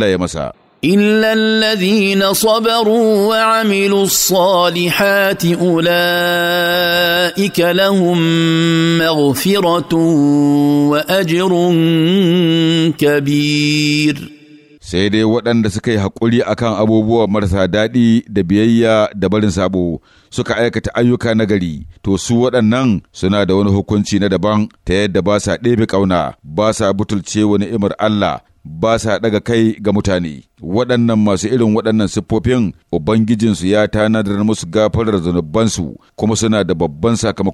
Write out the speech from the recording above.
Allah ya masa. إلا الذين صبروا وعملوا الصالحات أولئك لهم مغفرة وأجر كبير sai dai waɗanda suka yi haƙuri kan abubuwa marasa daɗi da biyayya da barin sabo suka aikata ayyuka na gari to su waɗannan suna da wani hukunci na daban ta yadda ba sa ɗebe ƙauna ba sa butulce wa ni'imar Allah ba sa ɗaga kai ga mutane waɗannan masu irin waɗannan siffofin ubangijinsu ya tanadar musu gafarar zunubansu kuma suna da babban sakamako